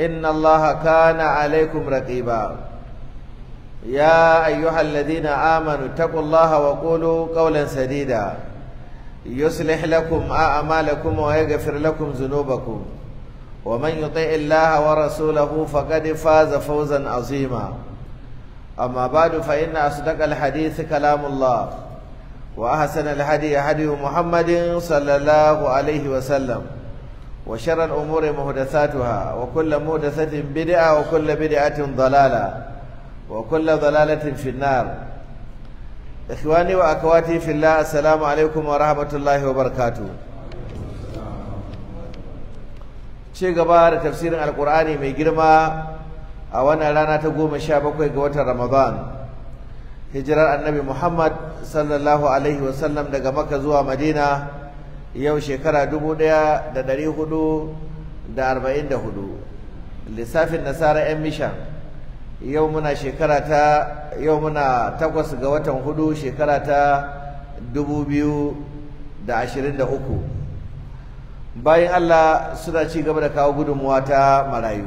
إن الله كان عليكم رقيبا يا أيها الذين آمنوا اتقوا الله وقولوا قولا سديدا يصلح لكم أعمالكم ويغفر لكم ذنوبكم ومن يطع الله ورسوله فقد فاز فوزا عظيما أما بعد فإن أصدق الحديث كلام الله وأحسن الهدي هدي محمد صلى الله عليه وسلم وشر الأمور محدثاتها وكل محدثة بدعة وكل بدعة ضلالة وكل ضلالة في النار إخواني وأخواتي في الله السلام عليكم ورحمة الله وبركاته ci gaba da tafsirin alkur'ani mai girma a wannan rana ta goma sha bakwai ga watan ramadan hijirar annabi muhammad sallallahu daga makka zuwa madina yau shekara dubu ɗaya da ɗari hudu da arba'in da hudu lissafin nasara 'yan mishan yau muna shekara ta yau muna takwas ga watan hudu shekara ta dubu biyu da ashirin da uku bayan Allah suna ci gaba da kawo gudunmuwa ta marayu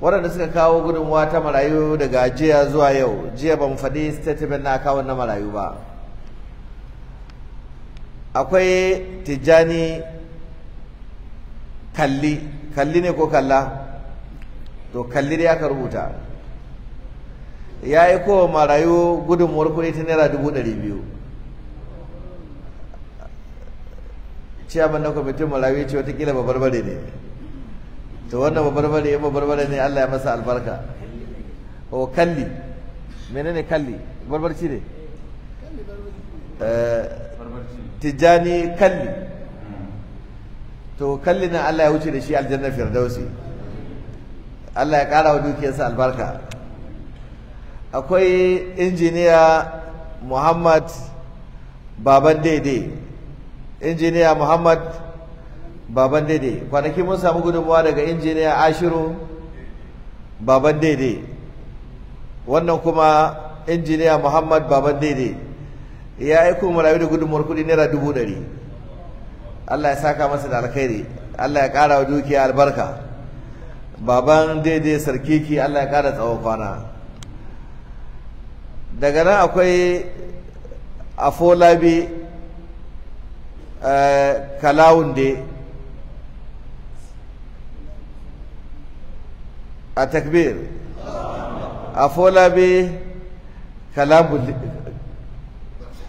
waɗanda suka kawo gudunmuwa ta marayu daga jiya zuwa yau jiya ban faɗi statement na akawun na marayu ba akwai tijjani kalli kalli ne ko kalla to kalli ne aka rubuta ya yi kowa marayu gudunmuwar kudi ta naira dubu ɗari biyu ciyaman na kwamitin marayu ce watakila ba barbare ne to wannan ba barbare in ne Allah ya masa albarka o oh, kalli menene kalli barbarci ne eh, tijjani kalli to kalli na Allah ya wuce da shi aljanna firdausi Allah ya ƙara wa dukiyarsa albarka akwai injiniya Muhammad baban daidai injiniya Muhammad baban daidai kwanaki mun samu gudunmuwa daga injiniya Ashiru baban daidai wannan kuma injiniya Muhammad baban daidai ya aiko marayu da gudunmuwar kudi naira dubu ɗari Allah ya saka masa da alkhairi Allah ya ƙara wa dukiya albarka baban daidai sarkiki Allah ya ƙara tsawon kwana daga nan akwai afolabi eh, kalawunde a takbir afolabi kalawunde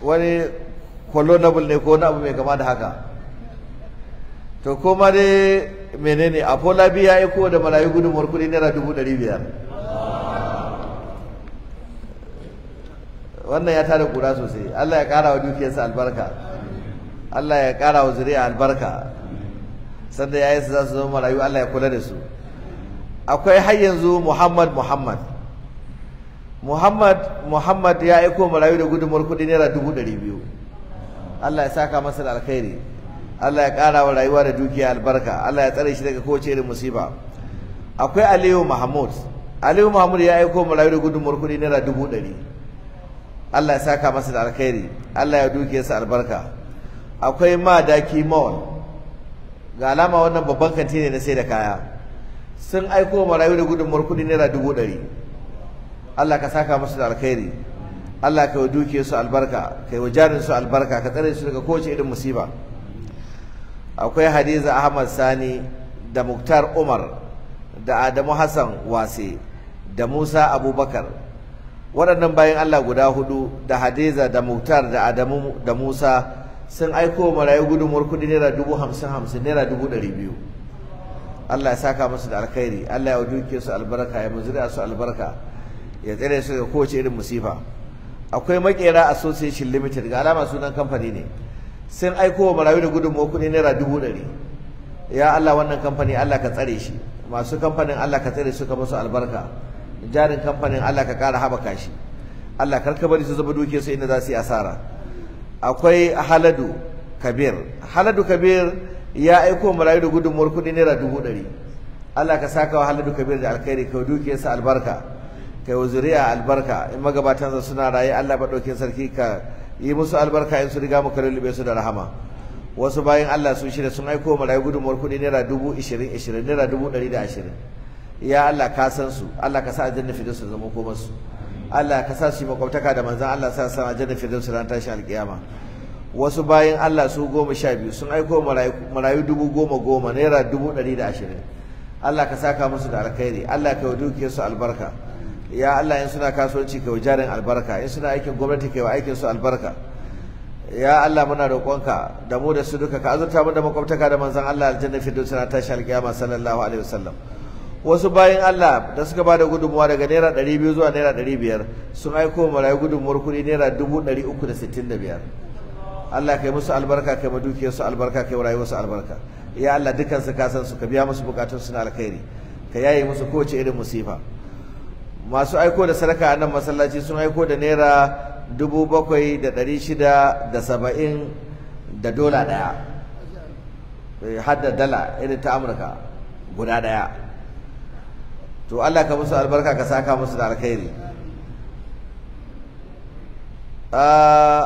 wani collonable ne ko wani abu mai kama da haka to koma dai menene afolabi ya aiko da malayi gudunmuwar kudi naira dubu ɗari biyar wannan ya tada kura sosai Allah ya ƙara wa dukiyarsa albarka Allah ya ƙara wa zuri'a albarka sanda yi su za su zama marayu Allah ya kula da su akwai har yanzu Muhammad Muhammad Muhammad Muhammad ya aiko marayu da gudumar kudi naira dubu ɗari biyu Allah ya saka masa da alkhairi Allah ya ƙara wa rayuwa da dukiya albarka Allah ya tsare shi daga kowace irin musiba akwai Aliyu Mahmud Aliyu Mahmud ya aiko marayu da gudumar kudi naira dubu ɗari Allah ya saka masa da alkhairi Allah ya dukiyarsa albarka akwai Madaki Mall ga alama wannan babban kanti ne na sai da kaya sun aiko marayu da gudumar kudi naira dubu ɗari Allah ka saka musu da alkhairi Allah ka duke su albarka kai wajarin su albarka ka tsare su daga kowace irin musiba akwai Hadiza Ahmad Sani da Muktar Umar da Adamu Hassan Wase da Musa Abubakar waɗannan bayan Allah guda hudu da Hadiza da Muktar da Adamu da Musa sun aiko marayu gudunmuwar kudi naira dubu hamsin hamsin naira dubu ɗari biyu Allah ya saka musu da alkhairi Allah ya duke su albarka ya muzuri su albarka ya tsere su da kowace irin musifa akwai makera association limited ga alama sunan kamfani ne sun aiko wa marayu da gudunmawa kuɗi naira dubu ɗari ya Allah wannan kamfani Allah ka tsare shi masu kamfanin Allah ka tsare suka ka musu albarka jarin kamfanin Allah ka ƙara haɓaka shi Allah karka bari su zama duke su inda za su yi asara akwai haladu kabir haladu kabir ya aiko wa marayu da gudunmawar kuɗi naira dubu ɗari Allah ka saka wa haladu kabir da alkhairi ka dukiyarsa albarka kai wa albarka in magabatan zai suna raye Allah madaukin sarki ka yi musu albarka in su riga muka lullube su da rahama wasu bayan Allah sun shirya sun aiko marayu gudunmuwar kuɗi naira dubu ishirin ishirin naira dubu ɗari da ashirin ya Allah ka san su Allah ka sa aljanna su zama koma su Allah ka sa su makwabtaka da manzan Allah sa sa aljanna su ran tashi alkiyama wasu bayan Allah su goma sha biyu sun aiko marayu dubu goma goma naira dubu ɗari da ashirin Allah ka saka musu da alkhairi Allah ka yi dukiyarsu albarka ya Allah in suna kasuwanci kai jarin albarka in suna aikin gwamnati kai wa aikin su albarka ya Allah muna roƙonka da mu da su duka ka azurta mu da makwabtaka da manzon Allah aljanna firdausi na tashi alƙiyama sallallahu alaihi wasallam wasu bayan Allah da suka bada gudunmuwa daga naira 200 zuwa naira 500 sun aiko marayu gudunmuwar kuɗi naira 365 Allah kai musu albarka kai madukiyar su albarka kai rayuwar su albarka ya Allah dukansu ka san su ka biya musu bukatun su na alkhairi ka yaye musu kowace irin musifa masu aiko da sadaka a nan masallaci sun aiko da naira dubu bakwai da ɗari shida da saba'in da dola ɗaya eh, har da dala irin ta amurka guda ɗaya to allah ka musu albarka ka saka musu da alkhairi ah,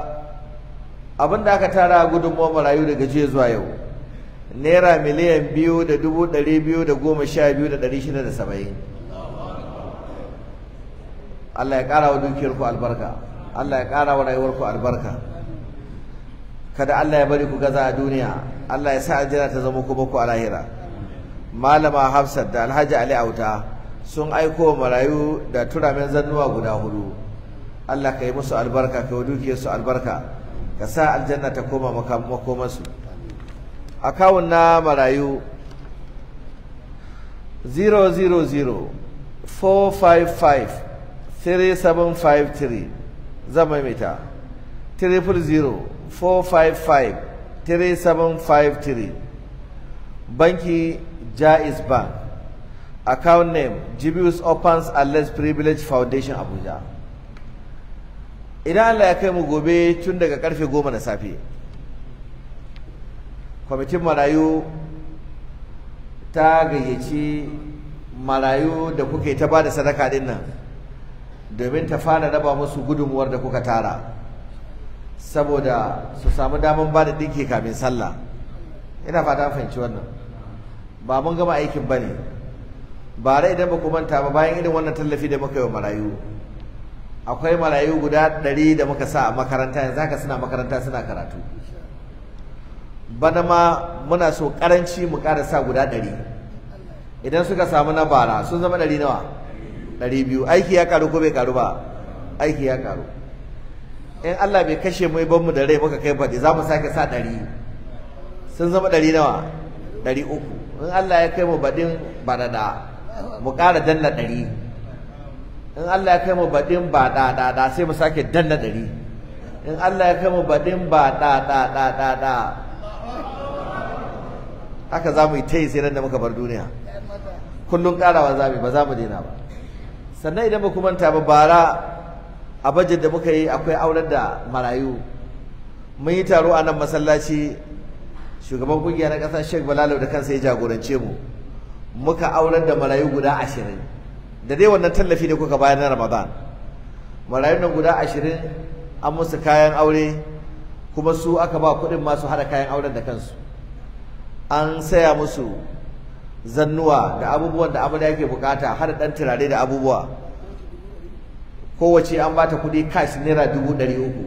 abin da aka tara gudunmuwar marayu daga jiya zuwa yau naira miliyan biyu da dubu ɗari biyu da goma sha biyu da ɗari shida da saba'in Allah ya ƙara wa dukiyarku albarka Allah ya ƙara wa rayuwarku albarka kada Allah ya bari ku gaza a duniya Allah ya sa aljanna ta zama ku baku a lahira malama Hafsat da Alhaji Ali Auta sun aiko marayu da turamin zannuwa guda hudu Allah ka yi musu albarka ka yi dukiyarsu albarka ka sa aljanna ta koma makomansu akawun na marayu 000 455 3753 zama mita 300-455-3753 banki jais bank account name jibius opens and less privilege foundation abuja idan allah ya kai mu gobe tun daga karfe goma na safe kwamitin marayu ta gayyaci marayu da kuke ta ba da sadaka din nan domin ta fara raba musu gudunmuwar da kuka tara saboda su samu daman ba da ɗinke kamin sallah ina fata fahimci wannan ba mun gama aikin ba ne ba idan ba ku manta ba bayan irin wannan tallafi da muka yi wa marayu akwai marayu guda ɗari da muka sa a makaranta yanzu haka suna makaranta suna karatu bana ma muna so karanci mu ƙara sa guda ɗari idan suka samu na bara sun zama ɗari nawa ɗari biyu aiki ya karu ko bai karu ba aiki ya karu in Allah bai kashe mu ban mu da rai muka kai fadi za mu sake sa ɗari sun zama ɗari nawa ɗari uku in Allah ya kai mu baɗin baɗaɗa mu ƙara danna ɗari in Allah ya kai mu baɗin ba ɗaɗaɗa sai mu sake danna ɗari in Allah ya kai mu baɗin ba ɗaɗaɗaɗaɗa haka za mu yi ta yi sai nan da muka bar duniya kullum ƙarawa za mu ba za mu daina ba sannan idan ba manta ba bara a bajet da muka yi akwai auren da marayu mun yi taro a nan masallaci shugaban kungiya na ƙasa Sheikh Balalau da kansa ya jagorance mu muka aurar da marayu guda ashirin da dai wannan tallafi ne kuka bayar na Ramadan marayun nan guda ashirin an musu kayan aure kuma su aka ba kuɗin masu haɗa kayan auren da kansu an saya musu zannuwa da abubuwan da da yake bukata har dan turare da abubuwa kowace an bata kuɗi cash naira dubu ɗari uku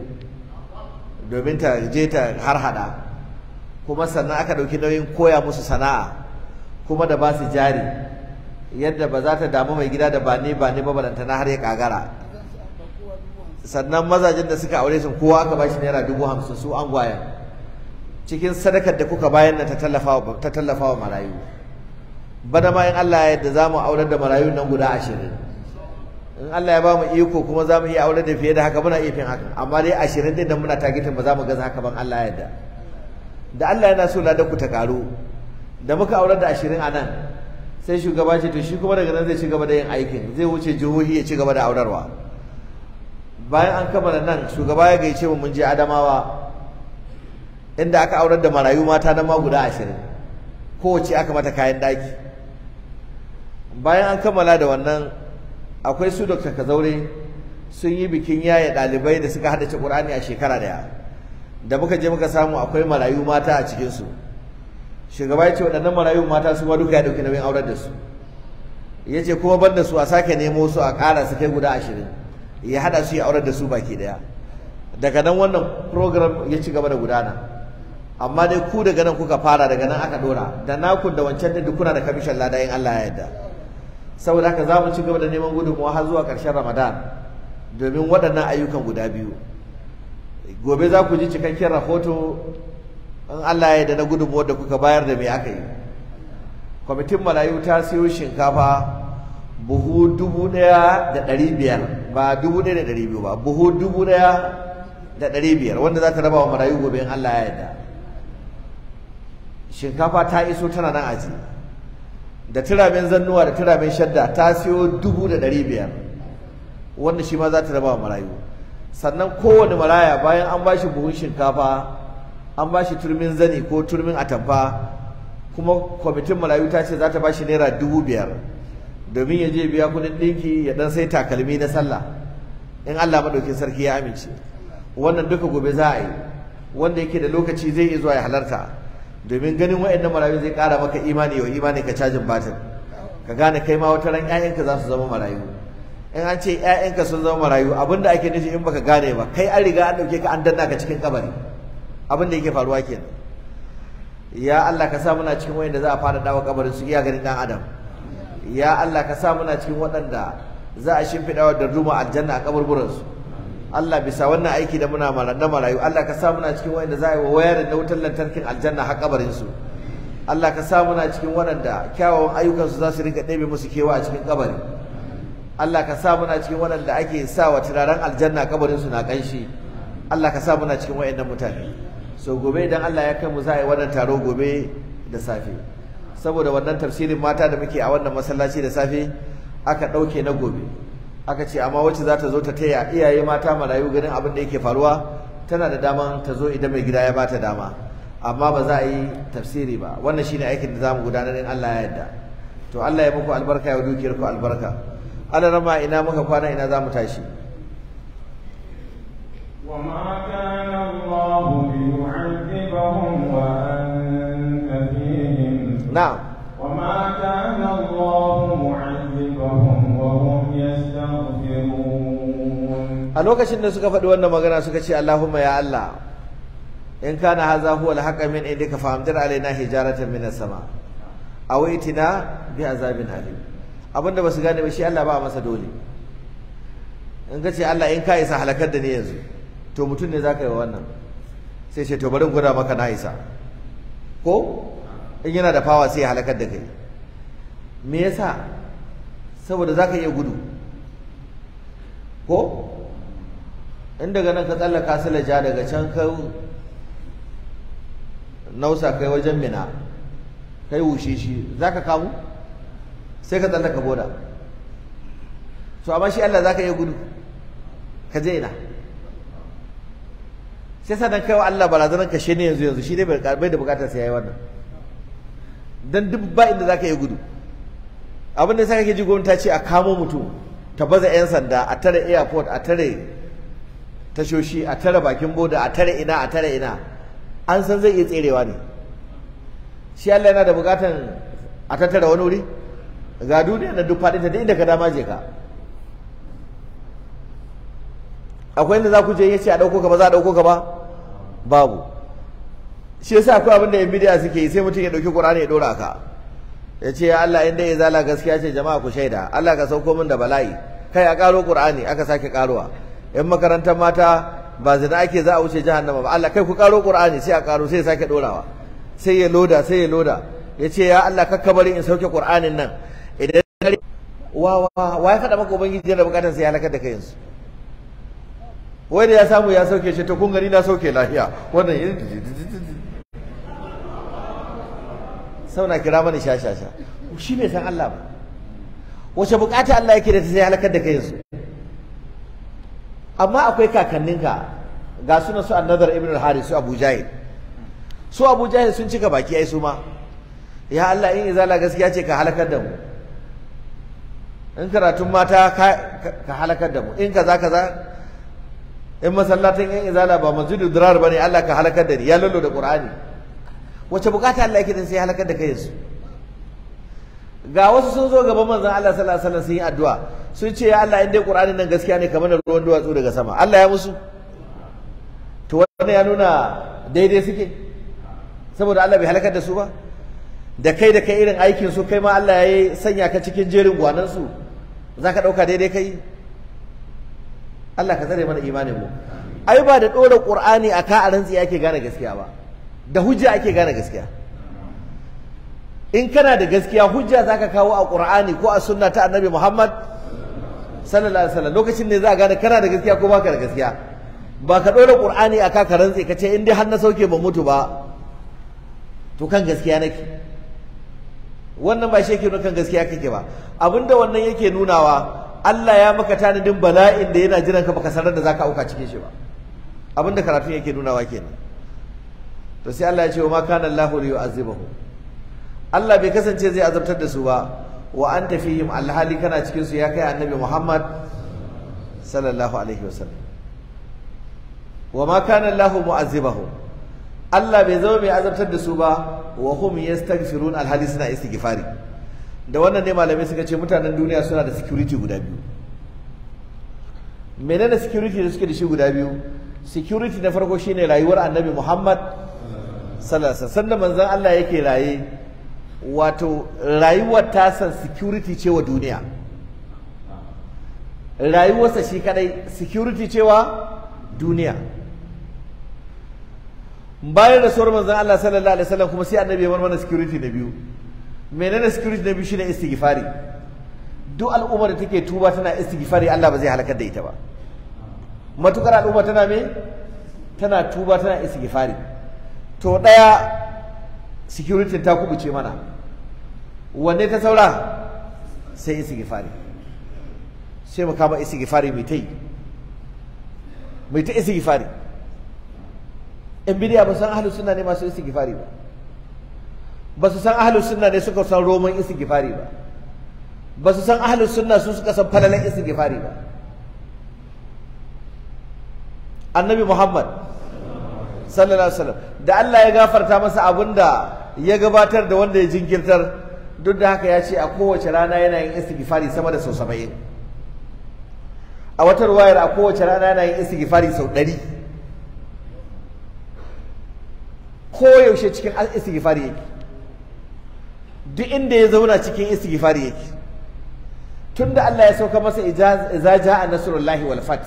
domin ta je ta harhaɗa kuma sannan aka ɗauki nauyin koya musu sana'a kuma da ba su jari yadda ba za ta damu mai gida da ba ne ba ne ba na har ya kagara sannan mazajen da suka aure su kowa aka bashi naira dubu hamsin su an gwaya cikin sadakar da kuka bayan na ta tallafa wa marayu bana ma in Allah ya yarda zamu aurar da marayun nan guda ashirin. in Allah ya ba bamu iko kuma zamu iya aurar da fiye da haka muna iya fin haka amma dai ashirin din nan muna tagitin ba zamu gaza haka ban Allah ya yarda da Allah yana so ladan ku ta karu da muka aurar da ashirin a nan sai shugaba ce to shi kuma daga nan zai ci gaba da yin aikin zai wuce jihohi ya ci gaba da aurarwa bayan an kammala nan shugaba ya gaice mu mun je Adamawa inda aka aurar da marayu mata na ma guda ashirin kowace aka mata kayan daki bayan an kammala da wannan akwai su Dr. Kazaure sun yi bikin yaye dalibai da suka haddace Qur'ani a shekara daya da muka je muka samu akwai marayu mata a cikinsu. shugaba ya ce waɗannan marayu mata su ma duka ya ɗauki nauyin aurar da su ya ce kuma banda su a sake nemo su a ƙara su kai guda ashirin ya haɗa su ya aurar da su baki ɗaya daga nan wannan program ya ci gaba da gudana amma dai ku daga nan kuka fara daga nan aka ɗora? da naku da wancan da kuna da kamishin ladayin Allah ya yarda saboda haka za mu ci gaba da neman gudunmawa har zuwa karshen ramadan domin waɗannan ayyukan guda biyu gobe za ku ji cikakken rahoto in allah ya da na gudunmawar da kuka bayar da me aka yi kwamitin marayu ta siyo shinkafa buhu dubu ɗaya da ɗari biyar ba dubu ɗaya da ɗari biyu ba buhu dubu ɗaya da ɗari biyar wanda za ta raba wa marayu gobe in allah ya yarda shinkafa ta iso tana nan aji da turamin zannuwa da turamin shadda ta siyo dubu da ɗari biyar wanda shi ma za ta raba wa marayu sannan kowane maraya bayan an ba shi buhun shinkafa an ba shi turmin zani ko turmin atamfa kuma kwamitin marayu ta ce za ta ba shi naira dubu biyar domin ya je biya kuɗin ɗinki ya ɗan sai takalmi na sallah in Allah maɗaukin sarki ya amince wannan duka gobe za a yi wanda yake da lokaci zai iya zuwa ya halarta domin ganin na marayu zai ƙara maka imani wa imani ka cajin batir ka gane kai ma wata ran ƴaƴanka za su zama marayu in an ce ƴaƴanka sun zama marayu abinda ake nufi in baka gane ba kai an riga an ɗauke ka an danna ka cikin kabari abin yake faruwa kenan ya Allah ka sa muna cikin da za a fara dawa kabarin su iya ganin ɗan adam ya Allah ka sa muna cikin waɗanda za a shimfiɗa da ruma aljanna a kaburburansu Allah bisa wannan aiki da muna na marayu Allah ka sa muna cikin wanda za a yi wa wayar da wutar lantarkin aljanna har kabarin su Allah ka sa muna cikin waɗanda kyawawan ayyukan su za su rinka ɗebe musu kewa a cikin kabari Allah ka sa muna cikin waɗanda ake sa wa turaren aljanna kabarin su na kanshi Allah ka sa muna cikin waɗannan mutane so gobe idan Allah ya kai mu za a yi wannan taro gobe da safe saboda wannan tafsirin mata da muke a wannan masallaci da safe aka ɗauke na gobe aka ce amma wacce za ta zo ta taya iyaye mata marayu ganin abin da yake faruwa tana da daman ta zo idan mai gida ya bata dama amma ba za a yi tafsiri ba wannan shine aikin da za mu gudanar in Allah ya yarda to Allah ya muku albarka ya dukiyar ku albarka Allah rama ina muka kwana ina zamu tashi wa a lokacin da suka faɗi wannan magana suka ce Allahumma ya Allah in kana haza huwa al-haqq min indika fa'amtir alaina hijaratan min as-sama aw na bi azabin alim abinda basu gane ba shi Allah ba masa dole in ka ce Allah in ka isa halakar da ni yanzu to mutum ne zaka yi wannan sai ce to barin in maka na isa ko in yana da fawa sai halakar da kai me yasa saboda zaka iya gudu ko in daga nan ka tsallaka laja daga can ka nausa kai wajen mina kai wushe shi za ka kamu sai ka tsallaka boda to amma shi Allah za ka iya gudu ka je ina sai sanan kai wa Allah barazanar ka ne yanzu yanzu shi ne bai da bukatar sai yayi wannan dan duk ba inda za ka iya gudu abin da sai kake ji gwamnati ce a kamo mutum ta baza yan sanda a tare airport a tare tashoshi a tare bakin boda a tare ina a tare ina an san zai iya tserewa ne shi Allah yana da bukatan a tattara wani wuri ga duniya na duk faɗinta da inda ka dama je ka akwai inda za ku je ya ce a ɗauko ka ba za a ɗauko ka ba babu shi yasa akwai abin da yan bidiya suke yi sai mutum ya ɗauki ƙur'ani ya ɗora ka ya ce Allah inda ya zala gaskiya ce jama'a ku shaida Allah ka sauko min da bala'i kai a karo ƙur'ani aka sake ƙaruwa yan makarantar mata ba zina ake za a wuce jahannama ba Allah kai ku karo Qur'ani sai a karo sai ya sake dorawa sai ya loda sai ya loda yace ya Allah kakka bari in sauke Qur'anin nan idan wa wa wa ya faɗa maka ubangiji yana bukatar sai ya halakar da kai yanzu wai da ya samu ya sauke shi to kun gani na sauke lafiya wannan yin sauna kira mani sha sha sha shi ne san Allah ba wace bukata Allah yake da ta sai halakar da kai yanzu amma akwai kakanninka ga sunan su annadar ibn al-haris su abu jahil su abu jahil sun cika baki ai su ma ya Allah in izala gaskiya ce ka halakar da mu in karatun mata ka halakar da mu in kaza kaza in masallatin in izala ba masjidu dirar bane Allah ka halakar da ni ya lullu da qur'ani wace bukata Allah yake din sai halakar da kai yanzu ga wasu sun zo gaban manzon Allah sallallahu alaihi wasallam sun yi addu'a sun ce ya Allah in dai nan gaskiya ne kamar ruwan duwatsu daga sama Allah ya musu to wannan ya nuna daidai suke saboda Allah bai halakar da su ba da kai da kai irin aikin su kai ma Allah ya sanya ka cikin jerin gwanan su zaka dauka daidai kai Allah ka tsare mana imanin mu ai ba da dora Qur'ani ka a rantsi ake gane gaskiya ba da hujja ake gane gaskiya in kana da gaskiya hujja zaka kawo a Qur'ani ko a sunna ta Annabi Muhammad sallallahu alaihi wasallam lokacin ne za a gane kana da gaskiya ko baka da gaskiya ba ka ɗora qur'ani a ka rantse ka ce in dai har na sauke ba mutu ba to kan gaskiya nake wannan ba shi yake nuna kan gaskiya kake ba abinda wannan yake nunawa Allah ya maka tanadin bala'in da yana jiran ka baka sanar da zaka auka cikin shi ba abinda karatun yake nunawa kenan to sai Allah ya ce wa ma kana Allahu liyu'azibahu Allah bai kasance zai azabtar da su ba wa an tafi fihim alhali kana cikinsu ya kai annabi Muhammad sallallahu alaihi wasallam wa ma kana Allah mu'azzibahum Allah bai zama mai azabtar da su ba wa kuma hum yastaghfirun alhali suna istighfari da wannan ne malamai suka ce mutanen duniya suna da security guda biyu menene security da suke da shi guda biyu security na farko shine rayuwar annabi Muhammad sallallahu alaihi wasallam sannan manzon Allah yake raye wato rayuwar tasa security ce wa duniya rayuwarsa shi kadai security cewa duniya bayan sauran manzan Allah sallallahu alaihi wasallam kuma sai annabi ya bar mana security na biyu menene security na biyu shine istighfari duk al'ummar da take tuba tana istighfari Allah ba zai halakar da ita ba matukar al'umma tana me tana tuba tana istighfari to daya security ta kubuce mana wanne ta saura sai istighfari sai mu kama istighfari mai tai mai ta istighfari in bidiya ba san ahlus sunna ne masu istighfari ba ba su san ahlus sunna ne suka san roman istighfari ba ba su san ahlus sunna su suka san falalan istighfari ba annabi muhammad sallallahu alaihi wasallam da Allah ya gafarta masa abinda ya gabatar da wanda ya jinkirtar duk da haka ya ce a kowace rana yana yin istighfari sama da sau saba'in a wata ruwayar a kowace rana yana yin istighfari sau ɗari koyaushe cikin istighfari yake duk inda ya zauna cikin istighfari yake tun da Allah ya sauka masa iza a nasarar lahi walfat.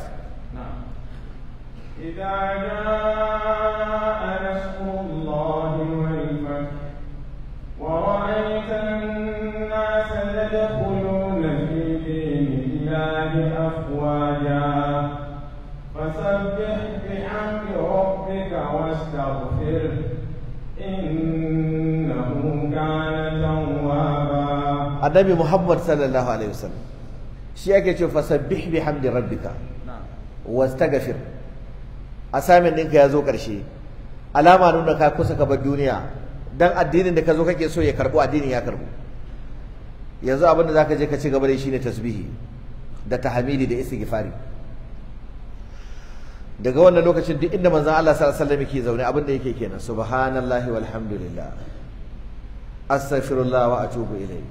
فسبح بحمد ربك واستغفره إنه كان توابا النبي محمد صلى الله عليه وسلم شيء كتير فسبح بحمد ربك واستغفر ya zo ƙarshe alama nuna ka kusa ka bar duniya dan addinin da ka zo kake so ya karɓo addinin ya karɓo yanzu abinda da zaka je ka ci gaba da shi ne tasbihi da tahmidi da istighfari daga wannan lokacin duk inda manzon Allah sallallahu alaihi wasallam yake zaune abin da yake kenan subhanallahi walhamdulillah astaghfirullah wa atubu ilayhi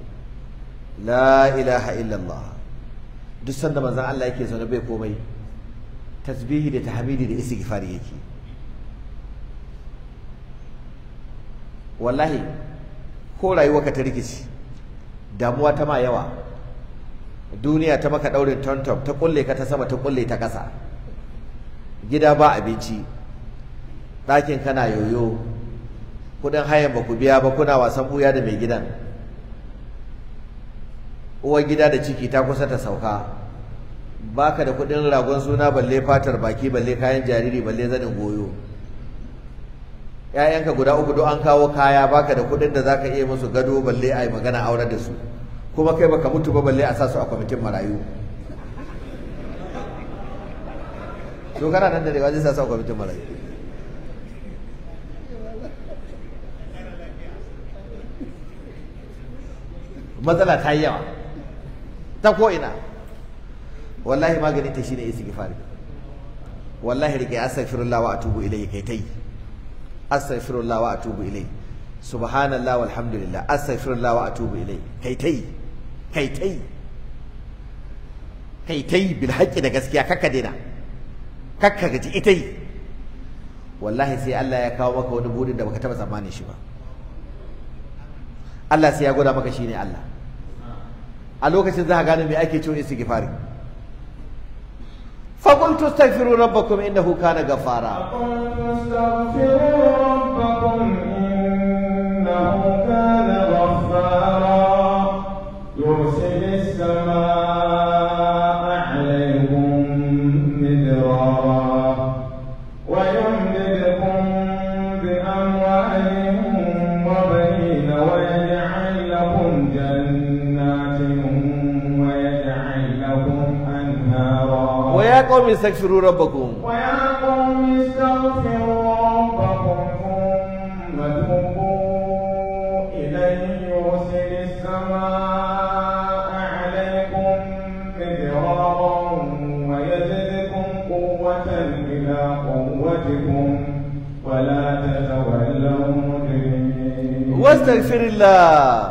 la ilaha illallah duk sanda manzon Allah yake zaune bai komai tasbihi da tahmidi da istighfar yake wallahi ko ka ta rikici damuwa ta ma yawa duniya ta maka daurin tantam ta kulle ka ta sama ta kulle ta kasa gida ba abinci ɗakin kana yoyo kuɗin hayan ba ku biya ba kuna wasan ɓuya da mai gidan uwar gida da ciki ta kusa ta sauka baka da kuɗin ragon suna balle fatar baki balle kayan jariri balle zanin goyo ‘ya'yanka guda uku do an kawo kaya baka da kuɗin da zaka iya musu gado balle a yi magana aure da su kuma kai baka mutu ba balle a sa su a kwamitin marayu to kana nan da rewa sa sa kwamitin marayu matsala ta yi yawa ta ko'ina. wallahi maganin ta shi ne isi gifari wallahi rike astaghfirullah wa atubu ilayhi kai tai astaghfirullah wa atubu ilayhi subhanallah walhamdulillah astaghfirullah wa atubu ilayhi kai yi kai yi kai tai bil haƙƙi da gaskiya kakka daina kakka gaji ita yi wallahi sai Allah ya kawo maka wani burin da baka taba tsammanin shi ba Allah sai ya gwada maka shi ne Allah a lokacin za ka gane me ake cewa istighfari fa qultu astaghfiru rabbakum innahu kana ghafara fa qultu astaghfiru قوم استغفروا ربكم ويا قوم استغفروا ربكم ثم توبوا إليه يرسل السماء عليكم مدرارا ويزدكم قوة إلى قوتكم ولا تتولوا مجرمين واستغفر الله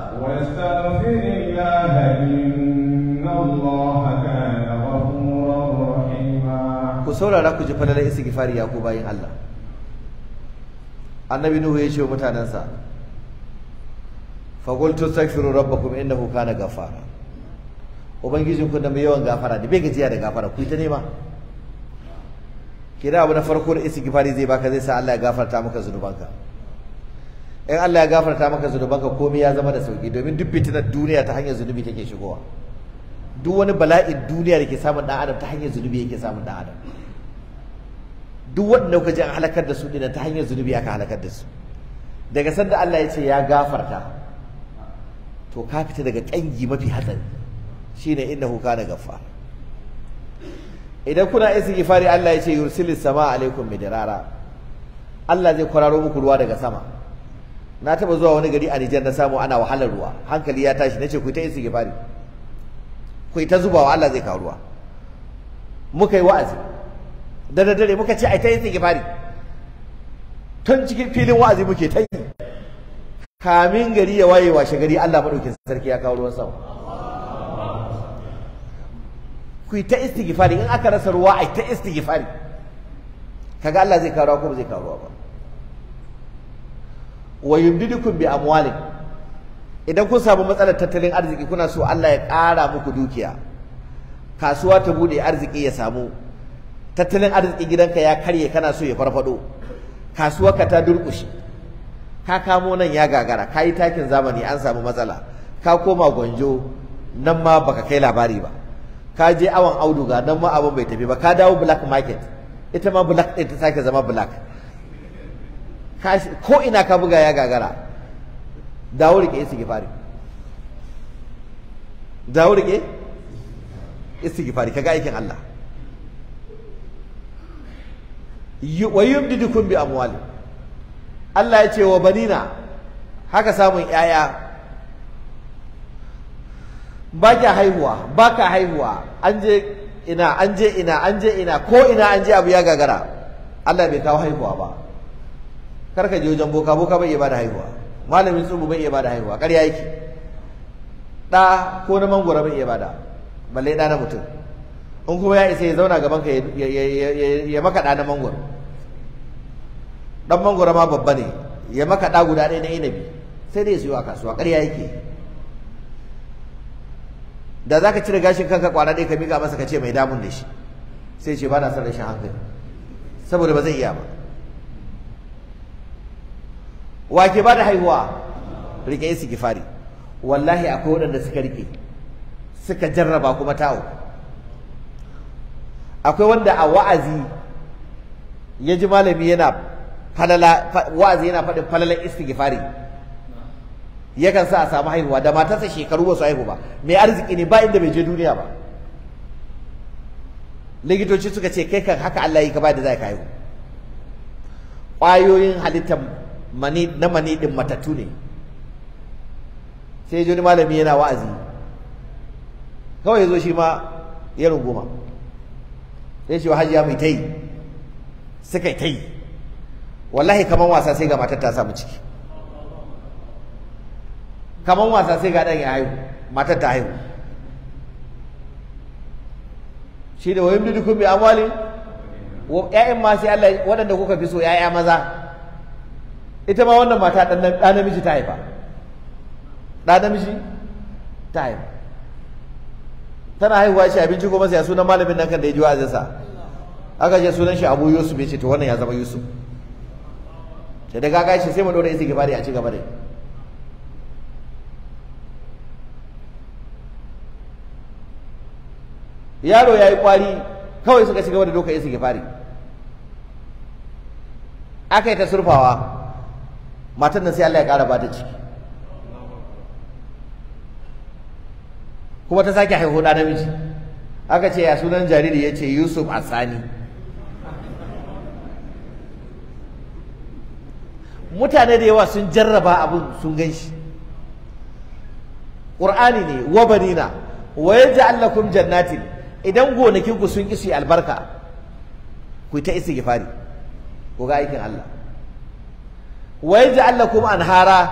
wurare ku ji falalar gifari ya ku bayin Allah annabi nuhu ya ce wa mutanansa fa qultu astaghfiru rabbakum innahu kana gafara ubangijin ku da mai yawan gafara da bai gajiya da gafara ku ta nema kira abu na farko da gifari zai baka zai sa Allah ya gafarta maka zunubanka in Allah ya gafarta maka zunubanka komai ya zama da sauki domin duk fitinar duniya ta hanyar zunubi take shigowa duk wani bala'in duniya da ke samun ɗan adam ta hanyar zunubi yake samun ɗan adam duk wanda ka ji an halakar da su ne ta hanyar zunubi aka halakar da su daga sanda Allah ya ce ya gafarta to ka fita daga kangi mafi hatsari shine innahu kana gafa. idan kuna istighfari Allah ya ce yursilis sama alaikum midrara Allah zai kwararo muku ruwa daga sama na taba zuwa wani gari a Nijar na samu ana wahalar ruwa hankali ya tashi nace ku ta istighfari ku ta zubawa Allah zai kawo ruwa muka yi wa'azi da daddare muka ce ai ta yin istighfari tun cikin filin wa'azi muke ta yi kamin gari ya waye washe gari Allah maɗaukin sarki ya kawo ruwan sama ku yi ta fari in aka rasa ruwa ai ta fari kaga Allah zai kawo ko ba zai kawo ba wa yumdidukum bi amwalin idan kun samu matsalar tattalin arziki kuna so Allah ya ƙara muku dukiya kasuwa ta bude arziki ya samu tattalin arzikin gidanka ya karye kana so ya farfado kasuwarka ta durkushe ka kamo nan ya gagara ka yi takin zamani an samu matsala ka koma gwanjo nan ma baka kai labari ba ka je awon auduga nan ma abin bai tafi ba ka dawo black market ita ma black ɗin ta sake zama black ko ina ka buga ya gagara dawo rike istighfari dawo rike istighfari ga aikin Allah wa yumdidukum bi amwal Allah ya ce wa banina haka samun yaya ba ka haihuwa ba ka haihuwa an je ina an je ina an je ina ko ina an je abu ya gagara Allah bai kawo haihuwa ba Karka je wajen boka boka bai iya bada haihuwa malamin tsubu bai iya bada haihuwa kar ya yake Da ko na mangwara bai iya bada balle da na mutum in kuma ya isa ya zauna gaban ka ya makaɗa na mangoro ɗan mangoro ma babba ne ya maka ɗa guda ɗaya na inabi sai dai siyo a kasuwa ƙarya yake da za ka cire gashin kanka kwana ɗaya ka miƙa masa ka ce mai damun da shi sai ce ba na son rashin hankali saboda ba zai iya ba wa ke ba da haihuwa rike su gifari wallahi akwai waɗanda suka rike suka jarraba kuma ta'o akwai wanda a wa'azi ya ji malami yana falala wa'azi yana faɗin falalar istighfari yakan sa a samu haihuwa da matarsa shekaru ba su haihu ba mai arziki ne ba inda bai je duniya ba likitoci suka ce kai kan haka Allah yi ka ba da za ka haihu ƙwayoyin halittar na mani din matattu ne sai joni malami yana wa'azi kawai ya zo shi ma ya goma. sai shi hajiya mai ta yi suka yi wallahi kaman wasa sai ga matar ta samu ciki kaman wasa sai ga dan ya haihu matar ta haihu shi da wayin dudu bi amwali ya'yan ƴaƴan ma sai Allah waɗanda kuka fi so ƴaƴa maza ita ma wannan mata ɗan namiji ta haifa ɗan namiji ta haifa tana haihuwa shi abinci kuma sai ya sunan malamin nan kan da ya ji wa'azinsa aka je sunan shi Abu Yusuf ya ce to wannan ya zama Yusuf sai daga ga shi sai mu dora istighfari a ci gaba da yaro yayi kwari kawai suka ci gaba da doka istighfari aka yi ta surfawa matan nan sai Allah ya kara ba ta ciki kuma ta sake haihu da namiji aka ce ya sunan jariri ya ce yusuf asani mutane da yawa sun jarraba abin sun gan shi ƙur'ani ne wa banina wa yaj'al lakum jannatin idan gonakin ku sun isi albarka ku ta isi gifari ku ga aikin Allah wa yaj'al lakum anhara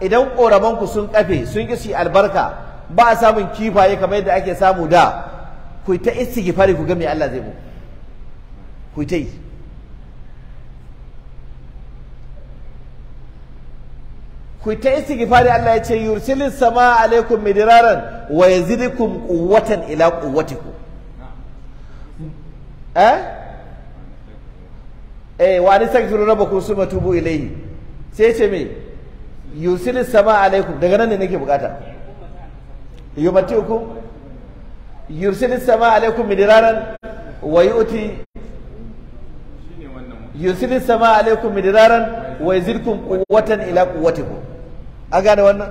idan ƙoramanku sun kafe sun isi albarka ba a samun kifaye kamar yadda ake samu da ku ta istighfari ku ga me Allah zai mu, ku ta yi ku ta istighfari Allah ya ce yursilis sama alaikum midiraran wa yazidukum quwwatan ila quwwatikum eh eh wa raba rabbakum summa tubu ilayhi sai ce me yursilis sama alaikum daga nan ne nake bukata yumatiukum yursilu sama alaikum midiraran wa yu'ti yursilu sama alaikum midiraran wa yazidkum quwwatan ila quwwatikum a gane wannan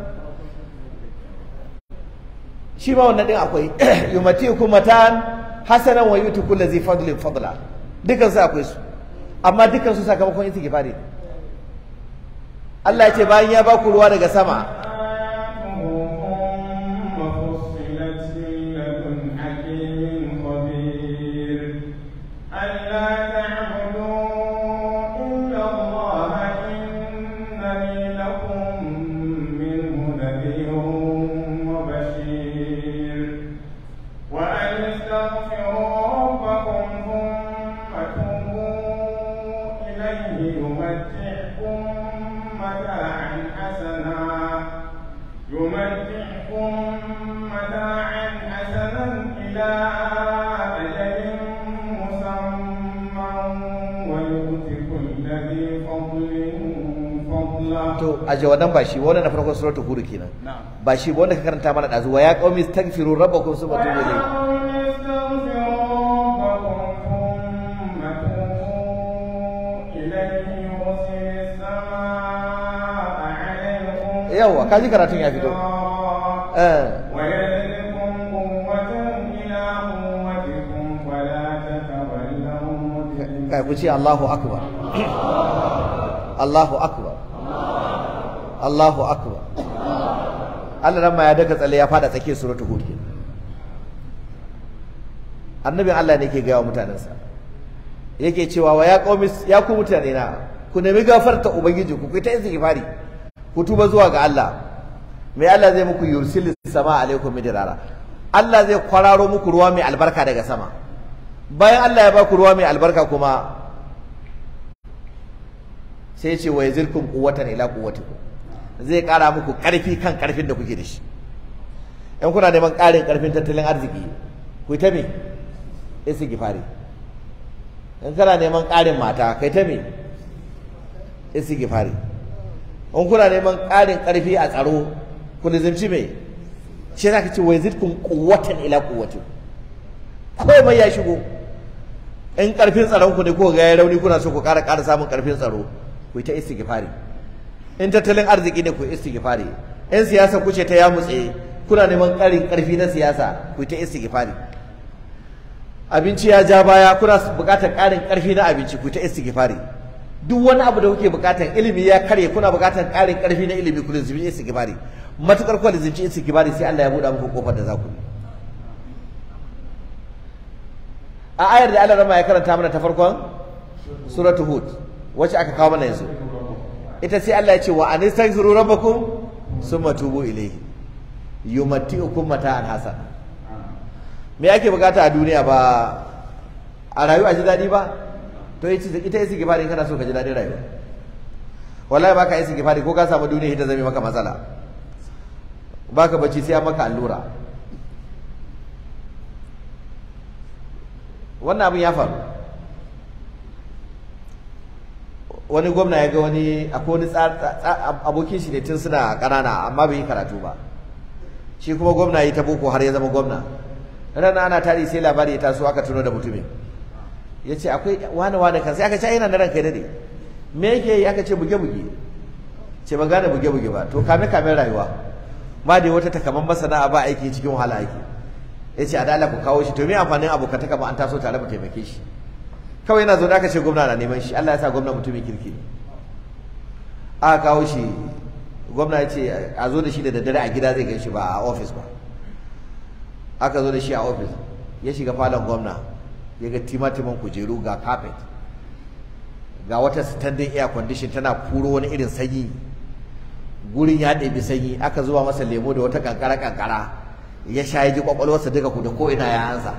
shi ma wannan din akwai yumatiukum matan hasanan wa yu'ti kulli dhi fadlin fadla dukan su akwai su amma dukansu dukan su sakamakon istighfari Allah ya ce bayan ya ba ku ruwa daga sama ce wannan ba shi wannan na farkon suratul hud kenan ba shi ba wanda ka karanta mana dazu wa ya qaumi astaghfiru rabbakum subhanahu wa ta'ala yawwa kaji karatun ya fito eh kai ku ce Allahu akbar Allahu akbar Allahu akbar Allah nan ma ya daka tsalle ya fada tsakiyar suratul hud annabin Allah ne yake gaya wa mutanensa yake cewa wa ya qaumi ya ku mutane na ku nemi gafarta ubangiji ku kai ta istighfari ku tuba zuwa ga Allah mai Allah zai muku yursilis sama alaikum midrara Allah zai kwararo muku ruwa mai albarka daga sama bayan Allah ya baku ruwa mai albarka kuma sai ce wa yazirkum quwwatan ila quwwatikum zai kara muku karfi kan karfin da kuke da shi in kuna neman karin karfin tattalin arziki ku ta me gifari in kana neman karin mata kai ta me gifari in kuna neman karin karfi a tsaro ku nizimci me shi za ka ce wai zidkun kuwatan ila kuwatin kawai mai ya shigo in karfin tsaron ku ne ko ga ya rauni kuna so ku kara kara samun karfin tsaro ku ta gifari in tattalin arziki ne ku istighfari ɗan siyasa ku ce ta yamutse kuna neman ƙarin ƙarfi na siyasa ku ta istighfari abinci ya ja baya kuna buƙatar ƙarin ƙarfi na abinci ku ta istighfari duk wani abu da kuke buƙatar ilimi ya karye kuna buƙatar ƙarin ƙarfi na ilimi ku lizinci istighfari matukar ku lizinci istighfari sai Allah ya buɗa muku kofar da za ku a ayar da Allah ya karanta mana ta farkon suratul hud wacce aka kawo mana yanzu ita sai Allah ya ce wa anistaghfiru rabbakum summa tubu ilayhi yumatti'ukum mata'an hasana me ake bukata a duniya ba a rayuwa ji daɗi ba to ita isi gifari kana so ka ji daɗin rayuwa wallahi baka isi gifari ko ka samu duniya ita zame maka matsala baka bacci sai maka allura wannan abin ya faru wani gwamna ya ga wani akwai wani abokin shi ne tun suna ƙanana amma bai yi karatu ba shi kuma gwamna yi ta boko har ya zama gwamna rana ana tari sai labari ya taso aka tuno da mutumin ya ce akwai wani wani kan sai aka ce ai nan ranka dade me yake yi aka ce buge buge ce ban gane buge buge ba to kame kame rayuwa ba dai wata takaman masana ba aiki cikin wahala aiki ya ce a da ku kawo shi to me amfanin abokataka ba an taso tare mu taimake shi kawai yana zaune aka ce gwamna na neman shi Allah ya sa gwamna mutumin kirki ne. aka kawo shi gwamna ya ce a zo da shi da daddare a gida zai gan shi ba a ofis ba aka zo da shi a ofis ya shiga falon gwamna ya ga timatiman kujeru ga carpet ga wata standing air condition tana furo wani irin sanyi gurin ya ɗebi sanyi aka zuba masa lemo da wata kankara kankara ya sha ya ji kwakwalwarsa duka ku da ko ina ya ansa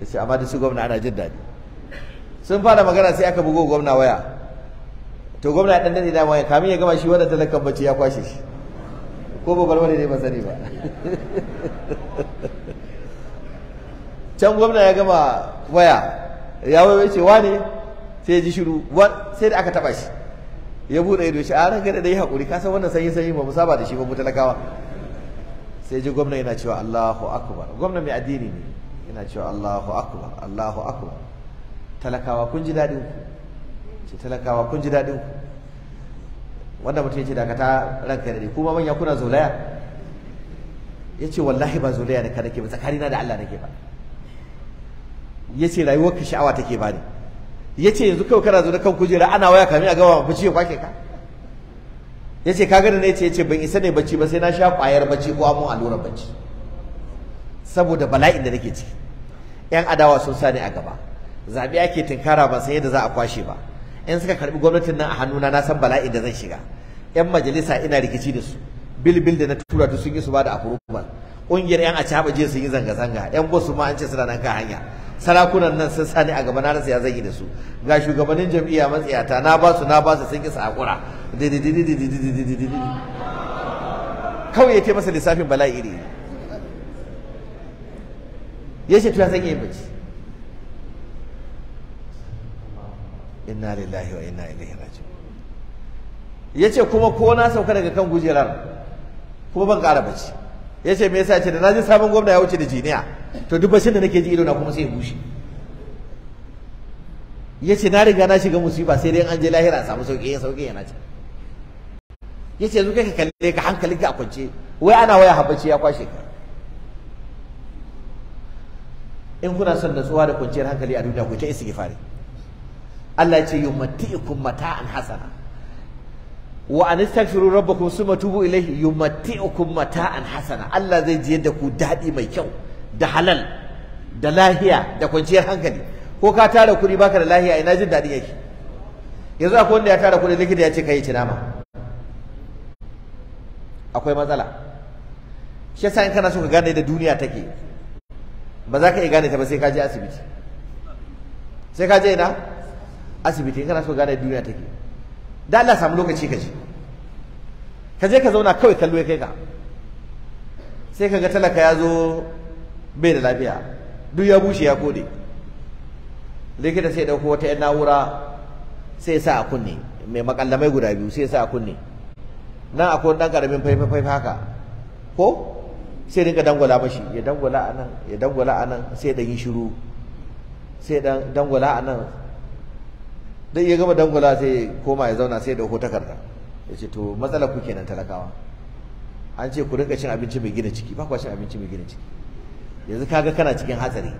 yace amma da su gwamna ana jin daɗi sun fara magana sai aka bugo gwamna waya to gwamna ya dandane da waya kamin ya gama shi wannan talakan bacci ya kwashe shi ko ba balwale ne ba sani ba can gwamna ya gama waya ya wai ce wane sai ya ji shiru sai da aka taba shi ya buɗe ido shi a gada da yi hakuri ka san wannan sanyi sanyi ba mu saba da shi ba mu talakawa sai ji gwamna yana cewa Allahu akbar gwamna mai addini ne yana cewa Allahu akbar Allahu akbar talakawa kun ji daɗin ku ce talakawa kun ji daɗin ku wanda mutum yace daga ta ranka dare kuma manya kuna zolaya yace wallahi ba zolaya da ka nake ba na da Allah nake ba yace rayuwar ka sha'awa take ne yace yanzu kawai kana zo da kan kujera ana waya kamin a gawa ku ciye kwake ka yace ka gani ne yace yace ban isa ne bacci ba sai na sha kwayar bacci ko amon allurar bacci saboda bala'in da nake ciki yan adawa sun sani a gaba zaɓe ake tinkara ba sai da za a kwashe ba in suka karɓi gwamnatin nan a hannuna na san bala'i da zan shiga yan majalisa ina rikici da su bilbil da na tura da sun yi su ba da approval ƙungiyar yan acaba je sun yi zanga-zanga yan gosu ma an ce suna nan ka hanya sarakunan nan sun sani a gaba na rasa ya zan yi da su ga shugabannin jam'iyya matsiyata na ba su na ba su sun kisa hakura kawai ya ce masa lissafin bala'i iri ya ce tuna zan yi bacci inna lillahi wa inna ilaihi ya ce kuma ko na sauka daga kan gujerar kuma ban ƙara bacci yace me yasa ce da ji sabon gwamna ya wuce da jiniya to duk bashin da nake ji ido na kuma sai ya bushe yace na riga na shiga musiba sai dai an je lahira a samu sauki sauki yana ce yace yanzu kai ka kalle ka hankali ka kwance wai ana waya habacci ya kwashe ka in kuna son natsuwa da kwanciyar hankali a duniya ku ta istighfari Allah ya ce mata mata'an hasana wa an rabbakum summa tubu ilayhi mata mata'an hasana Allah zai ji da ku daɗi mai kyau da halal da lahiya da kwanciyar hankali ko ka tara kuɗi baka da lahiya ina jin dadi yake yanzu akwai wanda ya tara kuɗi likita ya ce kai ci nama akwai matsala shi yasa in kana so ka gane da duniya take ba za ka iya gane ta ba sai ka je asibiti sai ka je ina asibiti kana so gane duniya take da Allah samu lokaci ka je ka je ka zauna kawai kallo kai ka sai ka ga talaka ya zo bai da lafiya duk ya bushe ya kode likita sai dauko wata 'yan na'ura sai sa a kunne mai makallamai guda biyu sai sa a kunne nan akwai dan karamin faifafai haka ko sai dinga dangwala mashi ya dangwala a nan ya dangwala a nan sai dan yi shiru sai dan dangwala a nan dan ya gama dangwala sai koma ya zauna sai da hoto takarda ya ce to matsala ku kenan talakawa an ce ku rinka cin abinci mai gina ciki ba ku cin abinci mai gina ciki yanzu kaga kana cikin hatsari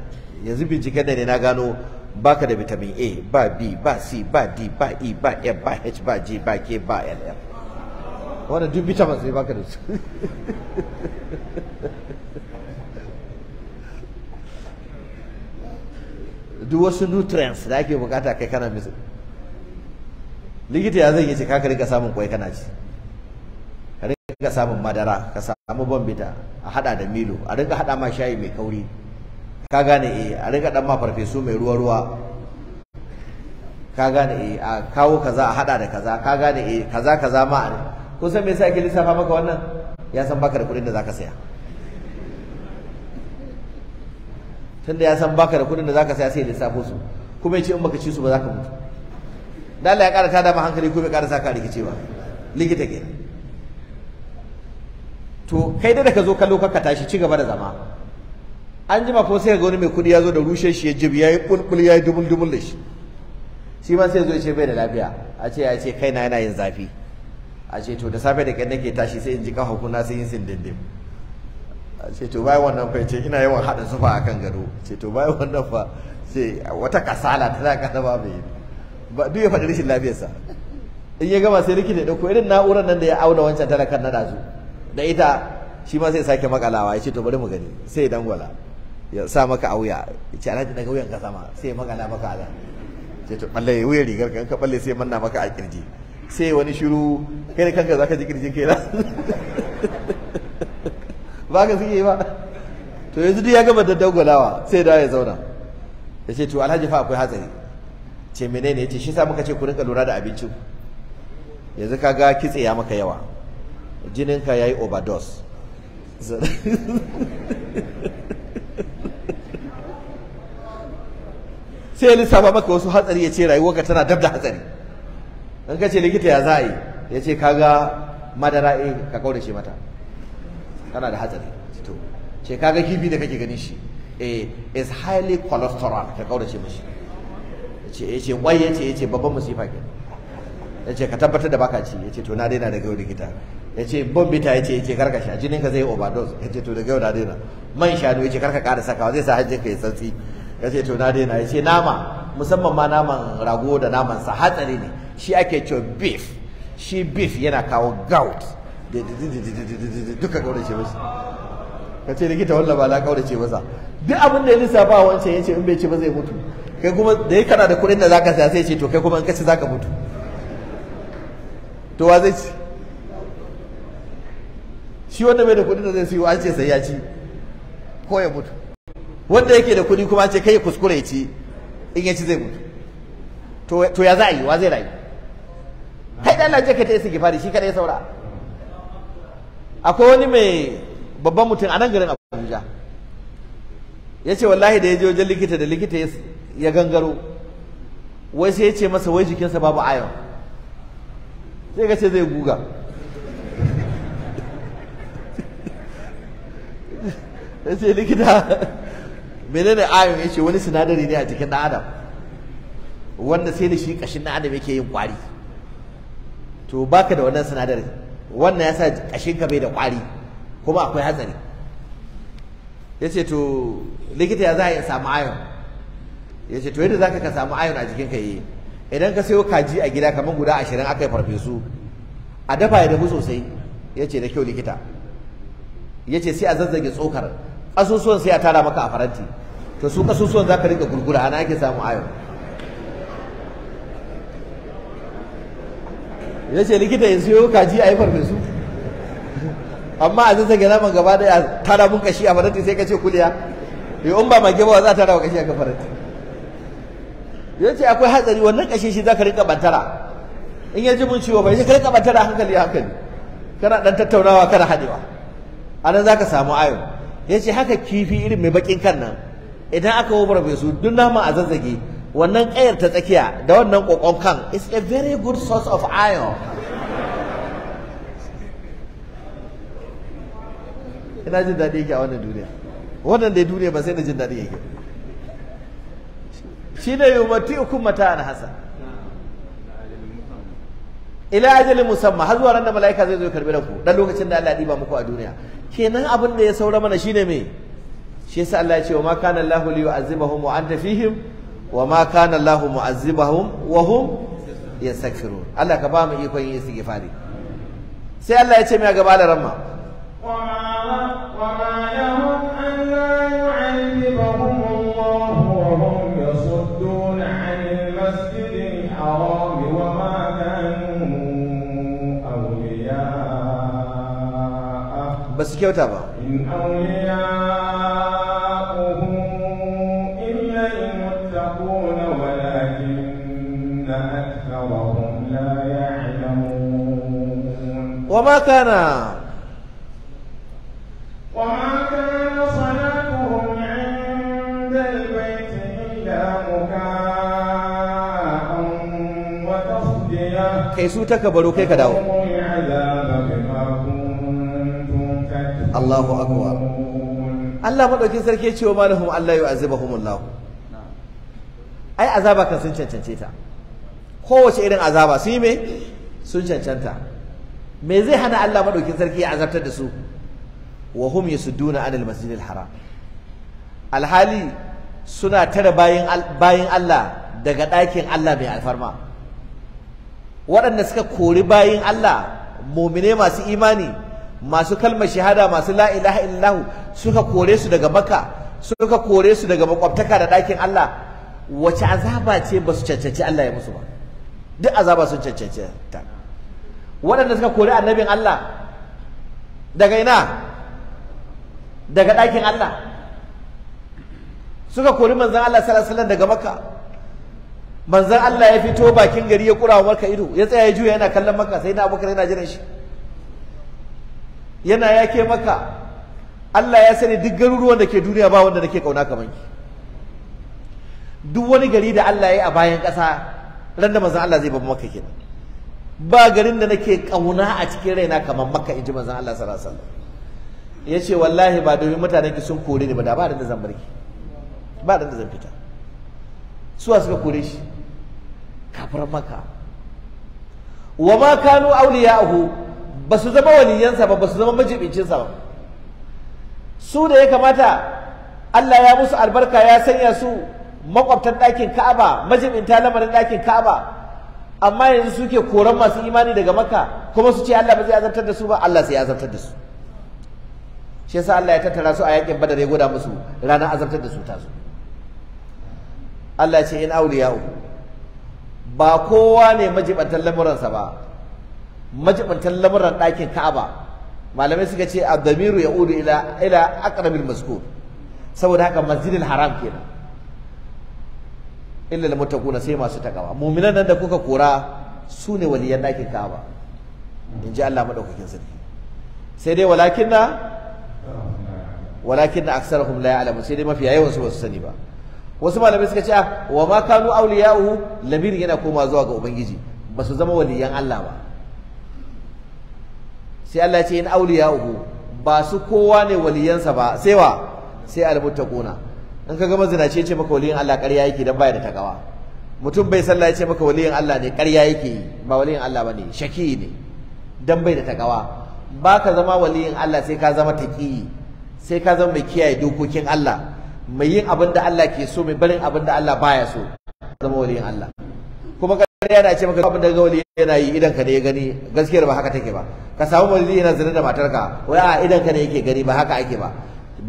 yanzu binciken da ne na gano baka da vitamin A ba B ba C ba D ba E ba F ba H ba G ba K ba L F wanda duk vitamins ne baka da su duk wasu nutrients da ake bukata kai kana misu likita ya zai yace ka rika samun kwai kana ci ka rika samun madara ka samu bombita a hada da milo a rika hada ma shayi mai kauri ka gane eh a rika dan ma farfesu mai ruwa ruwa ka gane eh a kawo kaza a hada da kaza ka gane eh kaza kaza ma Ko san me yasa ake lissafa maka wannan ya san baka da kuɗin da zaka saya tunda ya san baka da kuɗin da zaka saya sai lissafo su kuma ya ce in baka ci su ba zaka mutu da Allah ya ƙara tada ma hankali ko bai ƙara saka rikice ba likita ke to kai da ka zo kallo ka tashi ci gaba da zama an jima ko sai ga wani mai kuɗi ya zo da rushe shi ya jibi ya yi ƙulƙul ya yi dubul dubul da shi shi ma sai zo ya ce bai da lafiya a ce ya ce kaina yana yin zafi a ce to da safe da ƙyar ke tashi sai in ji ƙafa hukuna sai sin sindindim a ce to bai wannan fa ce ina yawan haɗa zufa a kan gado ce to bai wannan fa ce wata kasala ta za ka ba mai ba duk ya faɗi rashin lafiyarsa in ya gama sai rikide ɗauko irin na'urar nan da ya auna wancan talakan na dazu da ita shi ma sai sake makalawa ya ce to bari mu gani sai dangwala ya sa maka a wuya ya ce alhaji daga wuyan ka sama sai ya makala maka a ce to balle wuyan rigar ka in ka balle sai manna maka a kirji sai wani shiru kai da kanka zaka ji kirjin kai ba ka suke ba to yanzu duk ya gama da dagwalawa sai da ya zauna ya ce to alhaji fa akwai hatsari ce menene ya ce shi sa muka ce ku rinka lura da abincin yanzu ka ga kitse ya maka yawa jininka ya yi overdose sai ya lissafa maka wasu hatsari ya ce rayuwarka tana dab da hatsari in ka ce likita ya za a yi ya ce kaga madara eh ka kauda shi mata tana da hatsari to ce kaga kifi da kake ganin shi eh is highly cholesterol ka kauda shi mashi ce ya ce wai ya ce ya ce babban musifa ke ya ce ka tabbatar da baka ci ya ce to na daina daga yau likita ya ce bita. ya ce ya ce karka sha jininka zai overdose ya ce to daga yau na daina man shanu ya ce karka kara sakawa zai sa hajjinka ya santsi ya ce to na daina ya ce nama musamman ma naman rago da naman sa hatsari ne shi ake cewa beef shi beef yana kawo gout duka kaurace masa ka ce likita wallah ba na kaurace masa duk abin da ya lissafa a wancan ya ce in bai ci ba zai mutu kai kuma da ya kana da kuɗin da zaka saya sai ce to kai kuma in ka ci zaka mutu to wa zai ci shi wanda bai da kuɗin da zai siyo an ce sai ya ci ko ya mutu wanda yake da kuɗi kuma ce kai kuskure ya ci in ya ci zai mutu to ya za a yi wa zai rayu kai dan Najeriya kai ta isa gifari shi kadai saura akwai wani mai babban mutum a nan garin Abuja ya ce wallahi da ya je wajen likita da likita ya gangaro wai sai ya ce masa wai jikinsa babu ayon sai ka ce zai guga ya ce likita menene ayon ya ce wani sinadari ne a jikin na adam wanda sai da shi kashin na adam yake yin kwari to baka da wannan sinadarin wannan yasa kashin ka bai da kwari kuma akwai hatsari yace to likita ya za a samu ayon yace to yadda zaka ka samu ayon a jikin ka yi idan ka sayo kaji a gida kamar guda ashirin aka yi su a dafa ya dafu sosai yace da kyau likita yace sai a zazzage tsokar ƙasusuwan sai a tara maka a faranti to su ƙasusuwan za ka riƙa gurgura ana ake samu ayon ya ce likita ya siyo kaji a yi farfesu amma a gina man gaba da a tara mun kashi a faranti sai ka ce kuliya yau eh, umba ma gaba za ta tara kashi a ka faranti ya ce akwai hatsari wannan kashi shi za ka rika bantara in ya ji mun ciwo bai shi ka rika bantara hankali hankali kana dan tattaunawa kana hadewa anan za ka samu ayo ya ce haka kifi irin mai bakin kan nan idan aka wobar bai su duk nama a zazzage wannan ƙayar ta tsakiya da wannan ƙoƙon kan is a very good source of iron ina jin daɗi yake a wannan duniya wannan dai duniya ba sai da jin daɗi yake shi ne mati hukun mata ana hasa ila ajalin musamman har zuwa ran da mala'ika zai zo ya karbi da ku dan lokacin da Allah ya diba muku a duniya kenan abin da ya saura mana shine me shi yasa Allah ya ce wa ma kana Allahu li yu'azzibahum wa anta fihim wa ma kana Allahu mu'azzibahum wa hum yastaghfirun Allah ka ba mu ikon yin istighfari sai Allah ya ce mai gaba da ramma wa ma basu kyauta ba in مكنا وما كان صلاتهم عند البيت إلا مكاء وتصدية كي سوتك بروكي كداو Allahu akbar Allah madaukin sarki ya ce wa malahum Allah yu'azibahumullahu ai azaba kan sun cancance ta kowace irin azaba sun yi mai sun cancanta me zai hana Allah madaukin sarki ya azabtar da su wa hum yasuduna anil masjidil haram alhali suna tare bayin bayin Allah daga ɗakin Allah mai alfarma waɗanda suka kori bayin Allah mumine masu imani masu kalmar shahada masu la ilaha illahu suka kore su daga Makka suka kore su daga makwabtaka da ɗakin Allah wace azaba ce ba su cancanci Allah ya musu ba duk azaba sun cancanci ta waɗanda suka kori annabin Allah daga ina daga ɗakin Allah suka kori manzan Allah sallallahu daga Makka manzan Allah ya fito bakin gari ya wa marka ido ya tsaya ya juya yana kallon Makka sai na abokan yana jiran shi yana yake Makka Allah ya sani duk garuruwan da ke duniya ba wanda nake kauna kamar ki duk wani gari da Allah ya yi a bayan ƙasa ran da manzan Allah zai babu maka kenan ba garin da nake kauna a cikin raina kamar makka in ji manzon Allah sallallahu alaihi wasallam ya ce wallahi ba domin mutanen ki sun kore ni ba da ba da zan barki ba da zan fita suwa suka kore shi kafir makka wa ma kanu awliya'uhu ba su zama waliyansa ba ba su zama majibincinsa ba su da ya kamata Allah ya musu albarka ya sanya su makwabtan ɗakin Ka'aba majibinta lamarin ɗakin Ka'aba amma yanzu suke koran masu imani daga maka kuma su ce Allah ba zai azabtar da su ba Allah sai ya azabtar da su shi yasa Allah ya tattara su a yakin badar ya goda musu ranar azabtar da su ta zo Allah ya ce in awliya'u ba kowa ne majibantan lamuransa ba majibantan lamuran ɗakin Ka'aba malamai suka ce a damiru ya udu ila ila aqrabil masjid saboda haka masjidil haram kenan illa lil muttaquna sai masu takawa mu'minan nan da kuka kora su ne waliyan dakin Ka'aba in ji Allah madaukakin sarki sai dai walakinna walakinna aksarhum la ya'lamu sai dai mafiya yawan su ba su sani ba wasu malamai suka ce ah, wa ma kanu awliya'uhu labir yana koma zuwa ga ubangiji ba su zama waliyan Allah ba sai Allah ce in awliya'uhu ba su kowa ne waliyansa ba sai wa sai al-muttaquna in ka ga mazinaci ya ce maka waliyin Allah ƙarya yake dan baya da takawa mutum bai sallah ya ce maka waliyin Allah ne ƙarya yake yi ba waliyin Allah bane shaki ne dan bai da takawa ba ka zama waliyin Allah sai ka zama taƙi sai ka zama mai kiyaye dokokin Allah mai yin abin da Allah ke so mai barin abin da Allah baya so zama waliyin Allah kuma ƙarya na ce maka abin da ga waliyin yana yi idan ka ne ya gani gaskiyar ba haka take ba ka samu waliyin yana zina da matarka wai a idan ka ne yake gani ba haka ake ba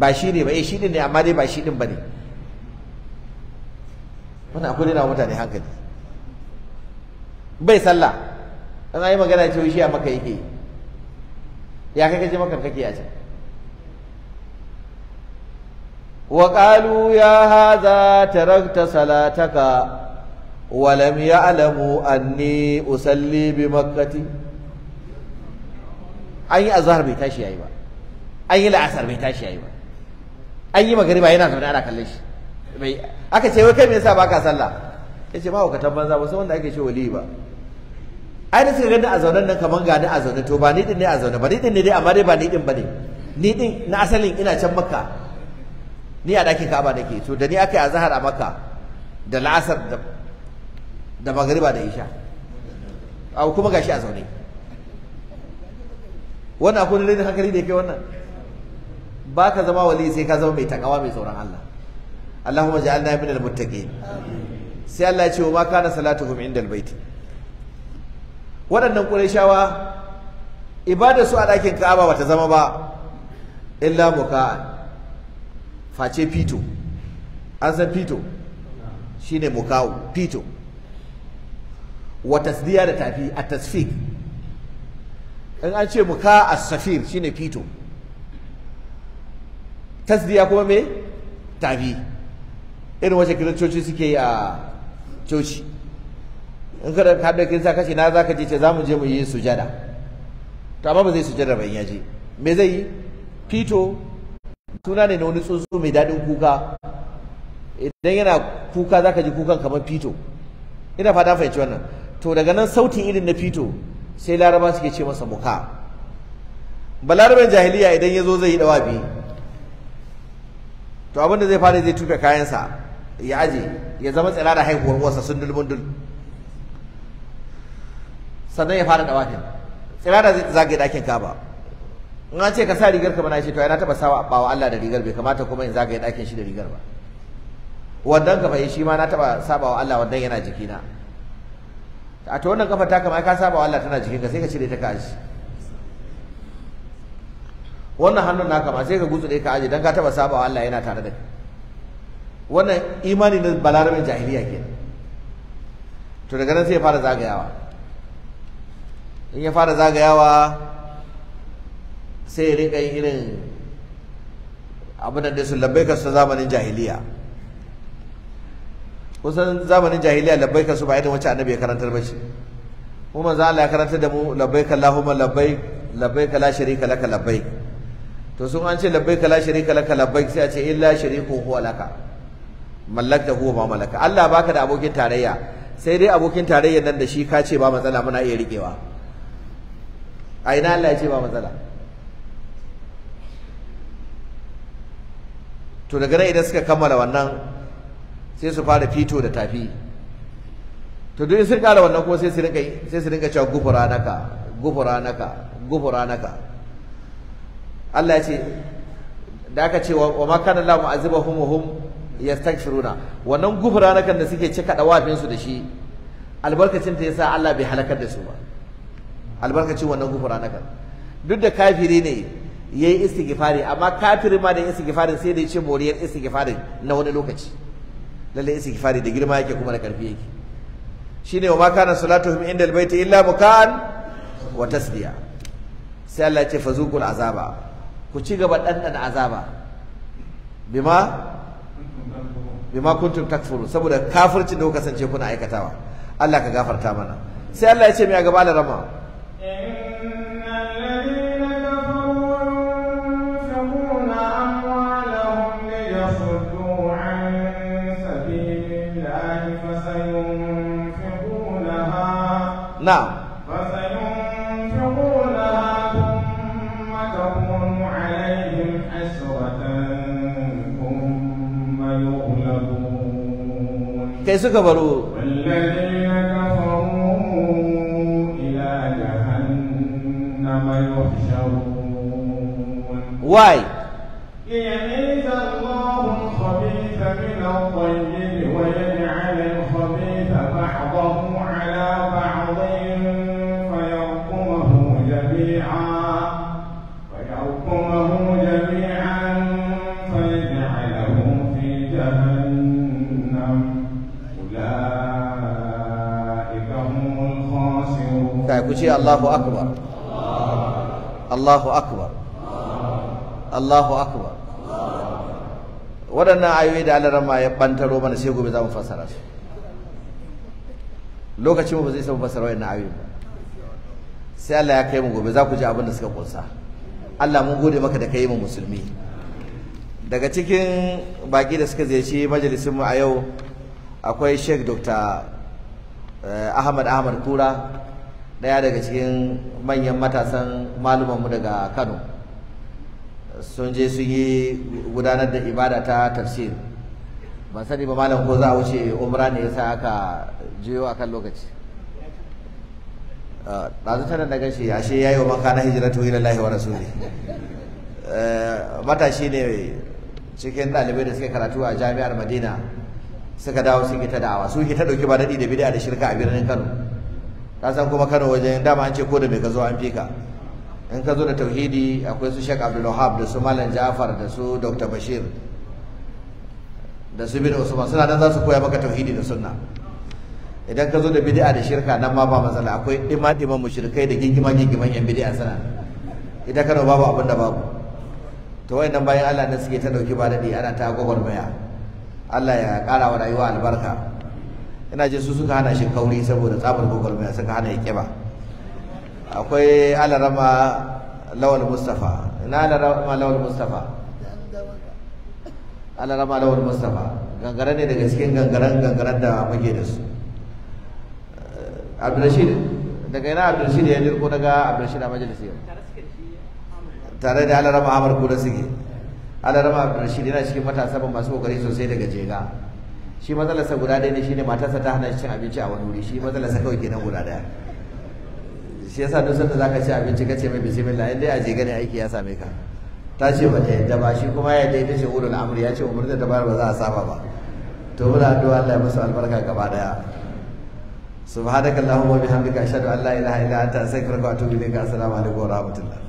ba shi ne ba eh shi ne amma dai ba shi din bane wannan akwai rena mutane hankali bai sallah an ayi magana ce shi a maka yake ya kai kaje maka kake a can wa qalu ya hadha tarakta salataka wa lam ya'lamu anni usalli bi makkati an yi azhar bai tashi yayi ba an yi la'asar bai tashi yayi ba an yi magariba yana zaune ana kalle shi bai aka ce wai kai me yasa baka sallah yace ba hukatan banza ba sai wanda ake ce wali ba ai da suka ganda a zaunen nan kaman ni a zaune to ba ni din ne a zaune ba ni din ne dai amma dai ba ni din bane ni din na asalin ina can makka ni a dakin ka'aba nake to da ni aka yi azhar a makka da la'asar da da magariba da isha a kuma gashi a zaune wannan akwai ne hankali da ya kai wannan ba ka zama wali sai ka zama mai takawa mai tsoron Allah Allahumma ja'alna min al-muttaqin sai Allah ya ce wa ma kana salatuhum indal baiti waɗannan qurayshawa ibada su a ɗakin Ka'aba bata zama ba illa muka'an face fito an san fito shine mukawu fito wa tasdiya da tafi a tasfik in an ce muka as-safir shine fito tasdiya kuma me tafi irin kiran kiristoci suke yi a coci in ka da haɗa kirista kashi na zaka je ce za mu je mu yi sujada to amma ba zai sujada ba in ya me zai yi fito suna ne na wani tsuntsu mai daɗin kuka idan yana kuka zaka ji kukan kamar fito ina fata fahimci wannan to daga nan sautin irin na fito sai laraba suke ce masa muka balaraben jahiliya idan ya zo zai yi dawabi to abin da zai fara zai tufe kayansa ya aje ya zama tsira da haihuwar wasa sun dulmundul sannan ya fara dawafin tsira da zai zage dakin kaba in an ce ka sa rigar ka bana shi to yana taba sawa bawa Allah da rigar bai kamata kuma in zage dakin shi da rigar ba wannan kafa shi ma na taba sabawa Allah wannan yana jikina a to wannan kafa ta kama ka sabawa Allah tana jikinka sai ka cire ta ka aji wannan hannun naka ma sai ka gutsu ka aje dan ka taba sabawa Allah yana tare da kai wannan imani na balarabin jahiliya kenan to daga nan sai ya fara zagayawa in ya fara zagayawa sai ya rinka yin irin abin da su labbaika su zamanin jahiliya kusan zamanin jahiliya labbaika su ba irin wacce annabi ya karantar ba shi kuma za Allah ya karantar da mu labbaika Allahumma labbaik labbaika la sharika laka labbaik to sun an ce labbaika la sharika laka labbaik sai a ce illa shariku huwa laka mallakta huwa ba malaka Allah baka da abokin tarayya sai dai abokin tarayya nan da shi ka ce ba matsala muna iya rikewa a ina Allah ya ce ba matsala to daga nan idan suka kammala wannan sai su fara fito da tafi to duk sun kara wannan kuma sai su rinka sai su rinka cewa gufura naka gufura naka gufura naka Allah ya ce da aka ce wa ma kana la mu'azibahum wa hum yastaghfiruna wannan gufranakan da suke cika dawafin su da shi albarkacin ta yasa Allah bai halakar da su ba albarkacin wannan gufranakan duk da kafiri ne yayi istighfari amma kafiri ma da istighfarin sai da ya ce moriyar istighfarin na wani lokaci lalle istighfari da girma yake kuma da karfi yake shine wa ma kana salatuhum inda albayti illa bukan wa tasdiya sai Allah ya ce fazuqul azaba ku ci gaba ɗanɗana azaba bima bima kuntum takfuru saboda kafircin da kuka kasance kuna aikatawa Allah ka gafarta mana sai Allah ya ce mai a gaba da rama Now, kai suka baro why Allahu akbar Allahu akbar Allahu akbar waɗannan ayoyi da alarama ya bantaro mana sai gobe za mu fassara su lokacin mu ba zai samu fassara waɗannan ayoyi ba sai Allah ya kai mu gobe za ku ji abin da suka kunsa Allah mun gode maka da kai mu musulmi daga cikin baki da suka ziyarci majalisin mu a yau akwai Sheikh Dr. Eh, Ahmad Ahmad Kura daya daga cikin manyan matasan malumanmu daga Kano sun je sun yi gudanar da ibada ta tafsir ban sani ba malam ko za a wuce umra ne yasa aka jiyo akan lokaci ah, ɗazu tana da gashi ashe ya yi wa maka na hijiratu ilallahi wa rasuli eh, matashi ne cikin ɗalibai da suke karatu a jami'ar madina suka dawo suke ta da'awa sun yi ta ɗauki ba daɗi da bida da shirka a birnin kano ka san kuma Kano wajen dama an ce ko da bai ka zo an fika in ka zo da tauhidi akwai su Sheikh Abdul Wahab da su Malam Ja'far da su Dr. Bashir da su bin Usman suna nan za su koya maka tauhidi da sunna idan ka zo da bid'a da shirka nan ma ba matsala akwai dima-diman mushrikai da gingima-gingiman yan bid'a sana idan Kano babu abin da babu to wayannan bayan Allah ne suke ta dauki ba dadi ana ta gwagwarmaya Allah ya kara wa rayuwa albarka ina jin su suka hana shi kauri saboda tsabar mai suka hana ya kiba akwai alarama lawal mustafa ina alarama lawal mustafa alarama lawal mustafa gangaren ne daga cikin gangaren gangaren da muke da su abdulrashid daga ina abdulrashid ya lirko daga abdulrashid a majalisi tare da alarama amurku da suke alarama abdulrashid yana cikin matasa masu kokari sosai daga jega shi matsalarsa guda ɗaya ne shine matarsa ta hana cin abinci a wani wuri shi matsalarsa kawai kenan guda ɗaya shi yasa duk sanda zaka ci abinci kace mai bismillah in dai a je gane aiki ya same ka ta ce ba ta yadda ba shi kuma ya daidai ce ulul amri ya ce ta bar ba za a saba ba to muna addu'a Allah ya musu albarka gaba daya subhanakallahumma wa bihamdika ashhadu an la ilaha illa anta astaghfiruka wa atubu ilayka assalamu alaikum wa rahmatullah